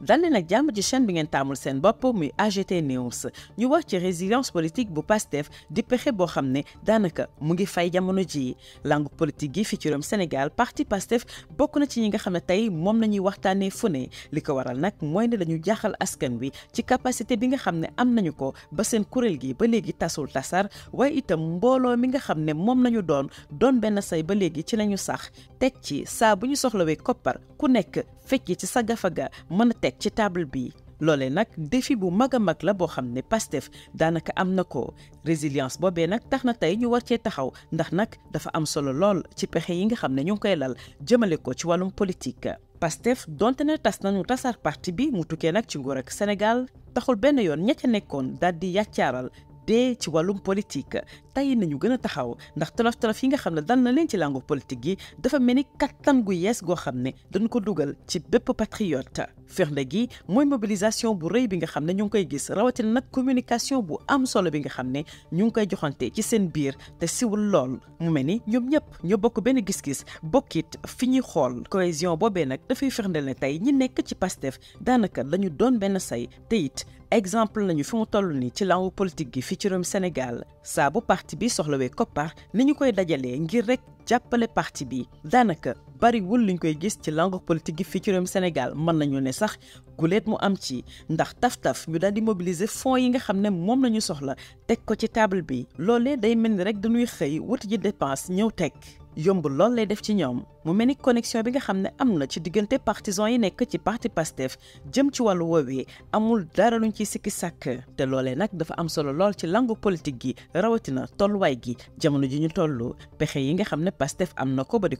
dal leen ak jàmm ci chaîne bi ngeen taamul seen bopp muy AGT News ñu wax ci résilience politique bu PASTEF di pexe boo xam ne daanaka mu ngi fay jamono jii langue politique gi fi ci réewum Sénégal parti PASTEF bokk na ci ñi nga xam ne tey moom la ñuy waxtaanee fu ne li ko waral nag mooy ne dañu jaaxal askan wi ci capacité bi nga xam ne am nañu ko ba seen kuréel gi ba léegi tasul tasar way itam mbooloo mi nga xam ne moom ñu doon doon benn say ba léegi ci lañu sax teg ci saa bu ñu soxlawee koppar ku nekk fecc ci sa gafaga mën ci table bi loole nag défi bu mag a mag la boo xam ne Pastef daanaka am na ko résilience boobee nag tax na tey ñu war cee taxaw ndax nag dafa am solo lool ci pexe yi nga xam ne ñu ngi koy lal jëmale ko ci wàllum politique. Pastef donte na tas nañu tasaar parti bi mu tukkee nag ci nguur rek Sénégal taxul benn yoon ña ca nekkoon daal di yàccaaral dee ci wàllum politique na nañu gën a taxaw ndax tolof tolof yi nga xam ne dan na leen ci làngu politique yi dafa mel ni kattan gu yees goo xam ne dañu ko dugal ci bépp patriote firnde gi mooy mobilisation bu rëy bi nga xam ne ñu ngi koy gis rawatin nag communication bu am solo bi nga xam ne ñu ngi koy joxante ci seen biir te siwul lool mu mel ni ñoom ñëpp ñoo bokk benn gis-gis bokkit fi ñuy xool cohésion boobee nag dafay firndeel ne tey ñi nekk ci Pastef daanaka lañu doon benn say te it exemple lañu fi toll ni ci langue politique gi fi ci réewum Sénégal saa bu parti bi soxlawee koppar ni ñu koy dajalee ngir rek jàppale parti bi daanaka bariwul liñ koy gis ci langue politique gi fii ci réewum Sénégal mën nañu ne sax guleet mu am ci ndax taf-taf ñu daal di mobiliser yi nga xam ne moom la ñu soxla teg ko ci table bi loolee day mel ni rek dañuy xëy wuti ji dépense ñëw teg yomb lool lay def ci ñoom mu mel ni connexion bi nga xam ne am na ci diggante partisans yi nekk ci parti Pastef jëm ci wàllu woowee amul dara luñ ciy sikki sàkk te loolee nag dafa am solo lool ci langu politique gi rawatina tolluwaay gi jamono ji ñu toll pexe yi nga xam ne Pastef am na ko ba di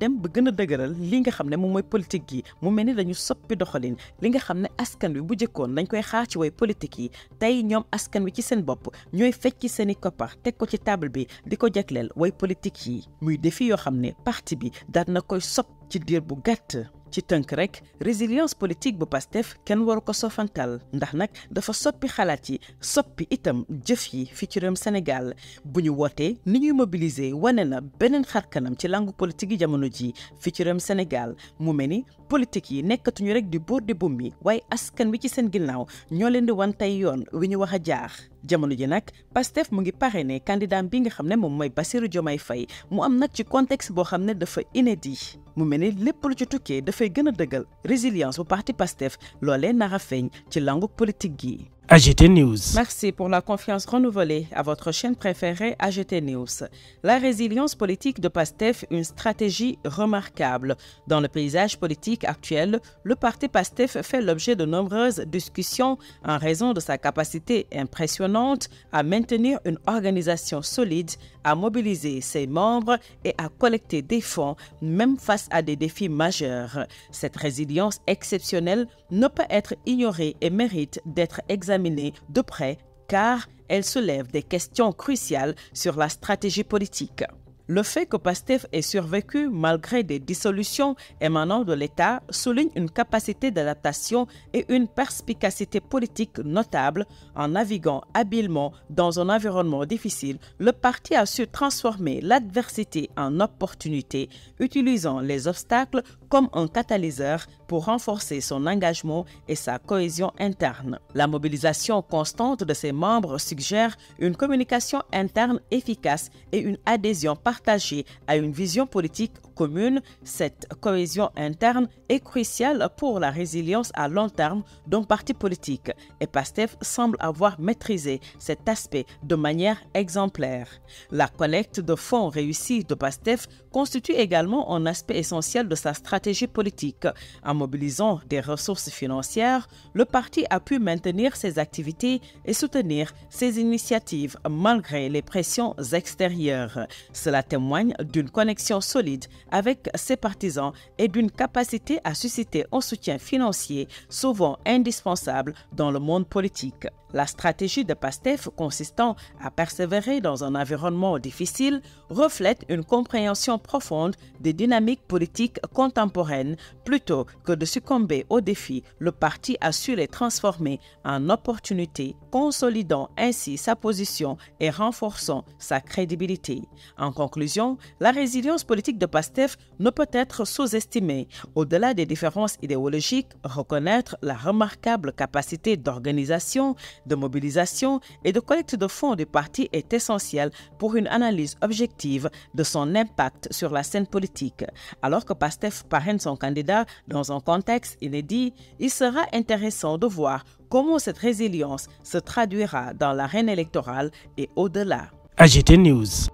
dem ba gën a dëgëral li nga xam ne moom mooy politique gi mu mel ni dañu doxalin li nga xam ne askan wi bu jëkkoon dañ koy xaar ci way politique yi tey ñoom askan wi ci seen bopp ñooy fecc ci seeni koppar teg ko ci table bi di ko jagleel way politique yi muy defi yoo xam ne parti bi daal na koy sopp ci diir bu gàtt ci tënk rek résilience politique bu Pastef kenn waru ko sofantal ndax nag dafa soppi xalaat yi soppi itam jëf yi fi ci réewum Sénégal bu ñu wootee ni ñuy mobiliser wane na beneen xarkanam ci langue politique yi jamono ji fi ci réewum Sénégal mu mel ni politique yi nekkatuñu rek di boor di bum mi waaye askan wi ci seen ginnaaw ñoo leen di wan tey yoon wi ñu wax a jaax jamono ji nag Pastef mu ngi ne candidat bi nga xam ne moom mooy Bassirou Diomaye Faye mu am nag ci contexte boo xam ne dafa inédit mu mel ni lépp lu ci tukkee dafay gën a dëggal résilience bu parti Pastef loolee nar a feeñ ci langu politique gi. AGT News. Merci pour la confiance renouvelée à votre chaîne préférée AGT News. La résilience politique de PASTEF, une stratégie remarquable. Dans le paysage politique actuel, le parti PASTEF fait l'objet de nombreuses discussions en raison de sa capacité impressionnante à maintenir une organisation solide, à mobiliser ses membres et à collecter des fonds, même face à des défis majeurs. Cette résilience exceptionnelle ne peut être ignorée et mérite d'être examinée de près car elle soulève des questions cruciales sur la stratégie politique. Le fait que PASTEF ait survécu malgré des dissolutions émanant de l'État souligne une capacité d'adaptation et une perspicacité politique notable. En naviguant habilement dans un environnement difficile, le parti a su transformer l'adversité en opportunité, utilisant les obstacles comme un catalyseur pour renforcer son engagement et sa cohésion interne. La mobilisation constante de ses membres suggère une communication interne efficace et une adhésion partagée à une vision politique commune, cette cohésion interne est cruciale pour la résilience à long terme d'un parti politique et PASTEF semble avoir maîtrisé cet aspect de manière exemplaire. La collecte de fonds réussie de PASTEF constitue également un aspect essentiel de sa stratégie politique. En mobilisant des ressources financières, le parti a pu maintenir ses activités et soutenir ses initiatives malgré les pressions extérieures. Cela témoigne d'une connexion solide avec ses partisans et d'une capacité à susciter un soutien financier souvent indispensable dans le monde politique. La stratégie de PASTEF consistant à persévérer dans un environnement difficile reflète une compréhension profonde des dynamiques politiques contemporaines. Plutôt que de succomber aux défis, le parti a su les transformer en opportunités, consolidant ainsi sa position et renforçant sa crédibilité. En conclusion, la résilience politique de PASTEF ne peut être sous-estimée. Au-delà des différences idéologiques, reconnaître la remarquable capacité d'organisation, de mobilisation et de collecte de fonds du parti est essentielle pour une analyse objective de son impact sur la scène politique. Alors que Pastef parraine son candidat dans un contexte inédit, il sera intéressant de voir comment cette résilience se traduira dans l'arène électorale et au-delà. AGT News.